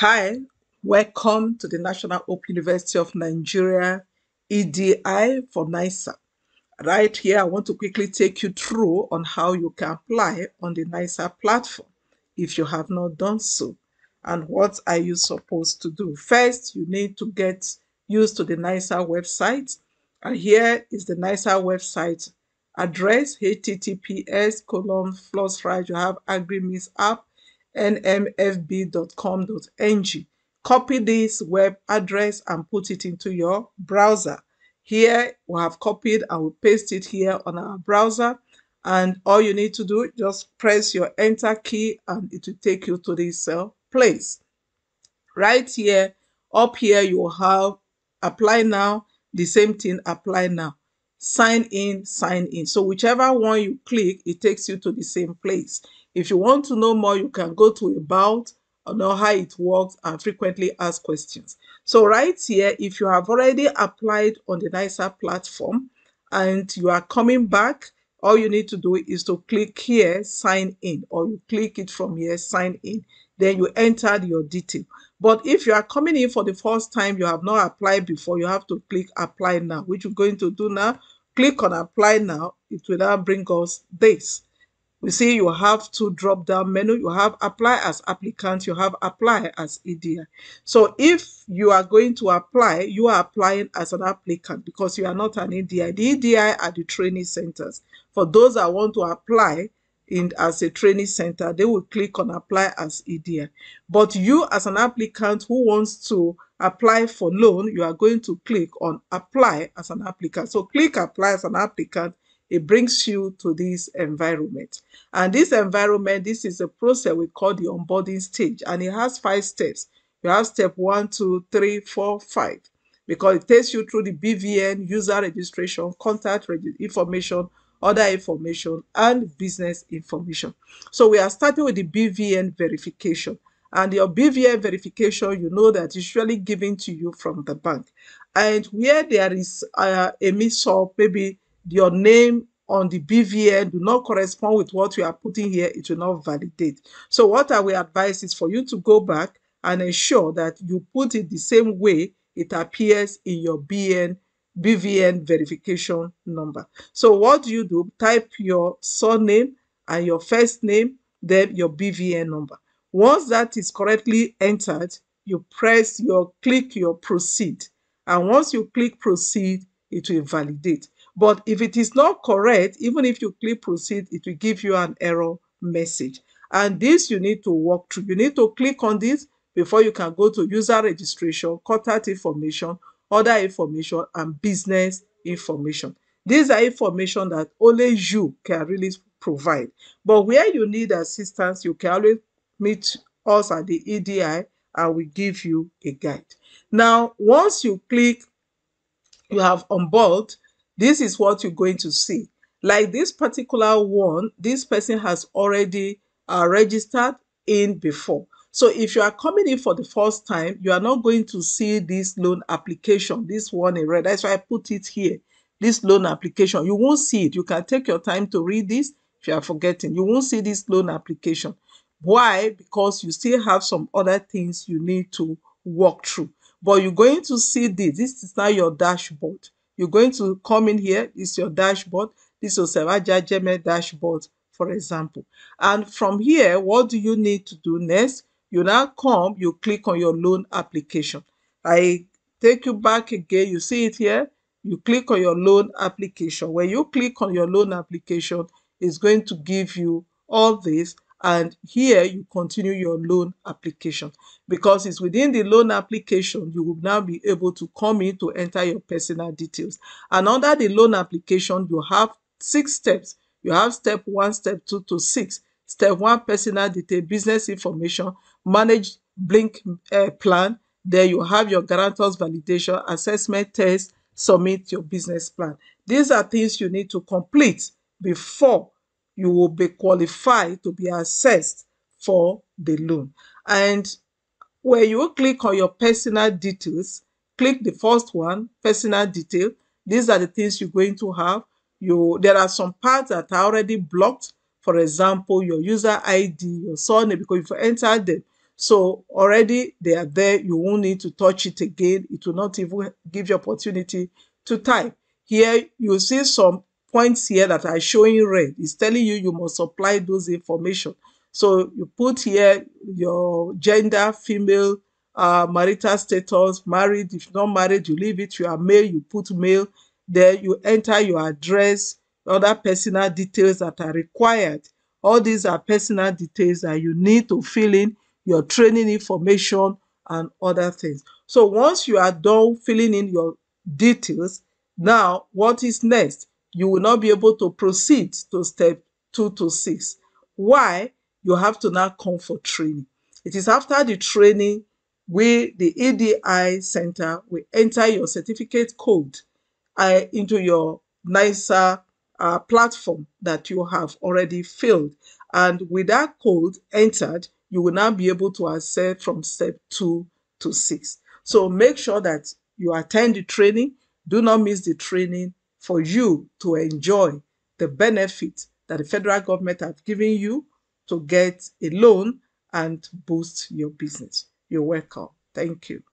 Hi, welcome to the National Open University of Nigeria EDI for NISA. Right here, I want to quickly take you through on how you can apply on the NISA platform if you have not done so. And what are you supposed to do? First, you need to get used to the NISA website. And here is the NISA website address https colon plus right you have agrimis app nmfb.com.ng. Copy this web address and put it into your browser. Here we have copied and we paste it here on our browser. And all you need to do, just press your enter key and it will take you to this uh, place. Right here, up here, you have apply now, the same thing apply now sign in sign in so whichever one you click it takes you to the same place if you want to know more, you can go to about know how it works and frequently ask questions. So right here, if you have already applied on the NISA platform and you are coming back, all you need to do is to click here, sign in, or you click it from here, sign in. Then you enter your detail. But if you are coming in for the first time, you have not applied before, you have to click apply now, which we're going to do now. Click on apply now. It will now bring us this we see you have two drop down menu you have apply as applicant you have apply as EDI so if you are going to apply you are applying as an applicant because you are not an EDI the EDI are the training centers for those that want to apply in as a training center they will click on apply as EDI but you as an applicant who wants to apply for loan you are going to click on apply as an applicant so click apply as an applicant it brings you to this environment. And this environment, this is a process we call the onboarding stage, and it has five steps. You have step one, two, three, four, five, because it takes you through the BVN, user registration, contact information, other information, and business information. So we are starting with the BVN verification. And your BVN verification, you know that is usually given to you from the bank. And where there is uh, a miss or maybe your name on the BVN do not correspond with what you are putting here, it will not validate. So what I will advise is for you to go back and ensure that you put it the same way it appears in your BN, BVN verification number. So what do you do? Type your surname and your first name, then your BVN number. Once that is correctly entered, you press your click your proceed. And once you click proceed, it will validate. But if it is not correct, even if you click proceed, it will give you an error message. And this you need to walk through. You need to click on this before you can go to user registration, contact information, other information, and business information. These are information that only you can really provide. But where you need assistance, you can always meet us at the EDI and we give you a guide. Now, once you click, you have on board, this is what you're going to see. Like this particular one, this person has already uh, registered in before. So if you are coming in for the first time, you are not going to see this loan application, this one in red. That's why I put it here, this loan application. You won't see it. You can take your time to read this if you are forgetting. You won't see this loan application. Why? Because you still have some other things you need to walk through. But you're going to see this. This is now your dashboard. You're going to come in here, is your dashboard. This is a Jeme dashboard, for example. And from here, what do you need to do next? You now come, you click on your loan application. I take you back again. You see it here. You click on your loan application. When you click on your loan application, it's going to give you all this and here you continue your loan application because it's within the loan application you will now be able to come in to enter your personal details and under the loan application you have six steps you have step one step two to six step one personal detail business information manage blink uh, plan there you have your guarantors validation assessment test submit your business plan these are things you need to complete before you will be qualified to be assessed for the loan. And where you click on your personal details, click the first one, personal detail. These are the things you're going to have. You There are some parts that are already blocked. For example, your user ID, your surname, because if you enter them, so already they are there. You won't need to touch it again. It will not even give you opportunity to type. Here you see some points here that are showing red is telling you you must supply those information. So you put here your gender, female, uh, marital status, married. If not married, you leave it. You are male, you put male. Then you enter your address, other personal details that are required. All these are personal details that you need to fill in, your training information and other things. So once you are done filling in your details, now what is next? you will not be able to proceed to step two to six. Why? You have to now come for training. It is after the training we the EDI center will enter your certificate code uh, into your nicer uh, platform that you have already filled. And with that code entered, you will now be able to ascend from step two to six. So make sure that you attend the training. Do not miss the training for you to enjoy the benefit that the federal government have given you to get a loan and boost your business. You're welcome. Thank you.